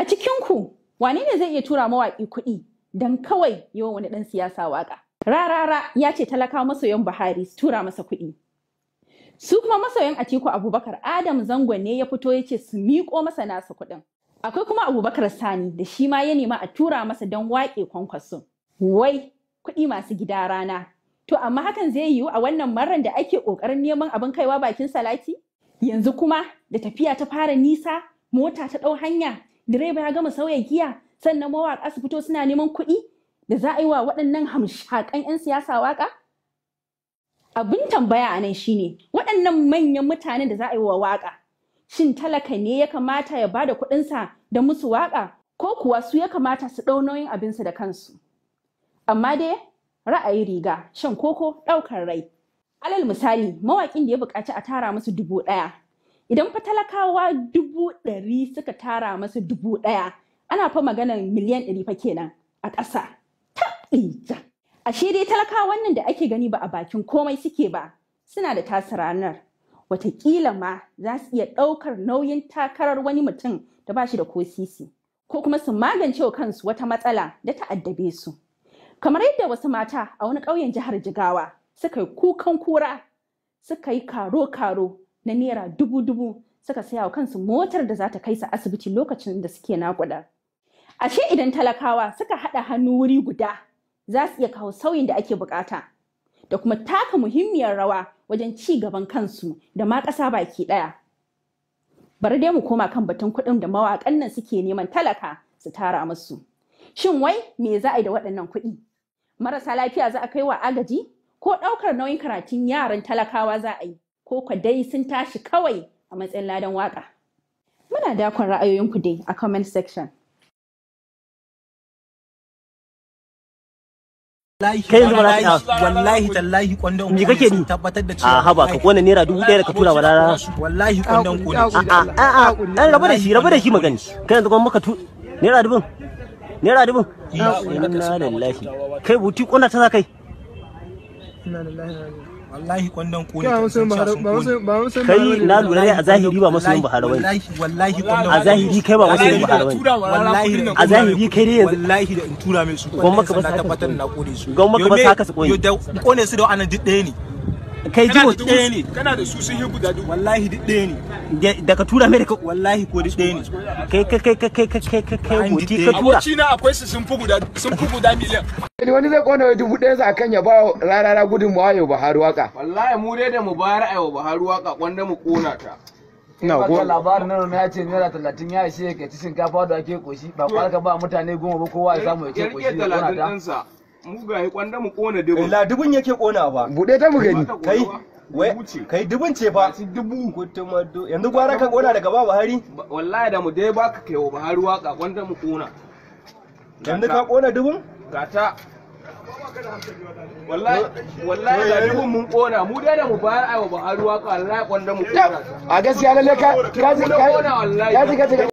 a cikin ku wane ne zai iya tura mawaƙi kuɗi dan kawai yi wani ɗan siyasa waƙa rarara ya ce talaka masoyan Buhari su tura masa kuɗi su kuma masoyan Atiku Abubakar Adam zango ne ya fito ya ce su miƙo masa nasa kuɗin akwai kuma Abubakar Sani da shi ma ya nema a tura masa don waƙe kwankwaso wai kuɗi masu gida rana to amma hakan zai yiwu a wannan marar da ake ƙoƙarin neman abin kaiwa bakin salati yanzu kuma da tafiya ta fara nisa mota ta ɗau hanya direba ya gama sauya giya sannan mawaƙa su fito suna neman kuɗi da za a yi wa waɗannan hamshakan 'yan siyasa waƙa? Abin tambaya a nan shine waɗannan manyan mutanen da za a yi wa waƙa shin talaka ne ya kamata ya bada kuɗinsa da musu waƙa ko kuwa su ya kamata su ɗau nauyin abinsu da kansu. Amma dai ra'ayi riga shan koko ɗaukar rai. Alal misali mawaƙin da ya buƙaci a tara musu dubu ɗaya idan fa talakawa dubu ɗari suka tara masu dubu ɗaya ana fa maganar miliyan ɗari fa kenan a ƙasa ta ashe dai talakawan nan da ake gani ba a bakin komai suke ba suna da tasa ranar watakila ma za su iya ɗaukar nauyin takarar wani mutum da ba shi da ko sisi ko kuma su magance wa kansu wata matsala da ta addabe su kamar yadda wasu mata a wani ƙauyen jihar jigawa suka yi kukan kura suka yi karo-karo na naira dubu dubu suka saya wa kansu motar da za ta kai su asibiti lokacin da suke nakuda. Ashe idan talakawa suka haɗa hannu wuri guda za su iya kawo sauyin da ake bukata da kuma taka muhimmiyar rawa wajen ci gaban kansu da ma ƙasa baki ɗaya. Bari dai mu koma kan batun kuɗin da mawaƙan nan suke neman talaka su tara musu. Shin wai me za a yi da waɗannan kuɗi? Marasa lafiya za a kai wa agaji ko ɗaukar nauyin karatun yaran talakawa za a yi? ko ka dai sun tashi kawai a matsayin ladan waka muna dakon ra'ayoyinku dai a comment section kai yanzu ba za wallahi tallahi kwandon me kake ni tabbatar da cewa a haba ka kona naira dubu ɗaya da ka tura wala wallahi kwandon kone a a a raba da shi raba da shi magani kai yanzu kuma maka tu naira dubun naira dubun inna lillahi kai buti kona ta za kai inna lillahi wallahi kwandon kai na lura ne a zahiri ba musulun bahara bane wallahi a zahiri kai ba musulun bahara bane wallahi a zahiri kai ne yanzu wallahi da in tura mai su gwamnati ba sa tabbatar na kone su gwamnati ba ka su yo da kone su da wannan duk ɗaya ne kai ji wa ɗaya ne kana da su sun yi guda duk wallahi duk ɗaya ne daga tura mai da wallahi ko duk ɗaya ne kai kai kai kai kai kai kai kai kai ka tura kai kai kai kai kai kai kai kai kai wani zai kona wai dubu ɗaya sa kan ya ba rarara gudun mu ayo Buhari waka wallahi mu dai da mu bayar ayo Buhari waka wanda mu kona ta ina ko labarin nan ya ce naira talatin ya ishe ka ci shinkafa da ake koshi ba ka ba mutane goma ba kowa ya samu ya ce koshi ya kona ta mugaye kwanda mu kona dubu eh, la dubun yake kona ba bude ta mu gani kai wai kai dubun ce fa dubu kutuma do yanzu gwara ka kona daga ba Buhari wallahi da mu dai baka kaiwa Buhari waka kwanda mu kona yanzu ka kona dubun gata wallahi wallahi da dubun mun kona mu dai da mu bayar aiwa Buhari waka wallahi kwanda mu kona a gaskiya lalle ka ka ka ka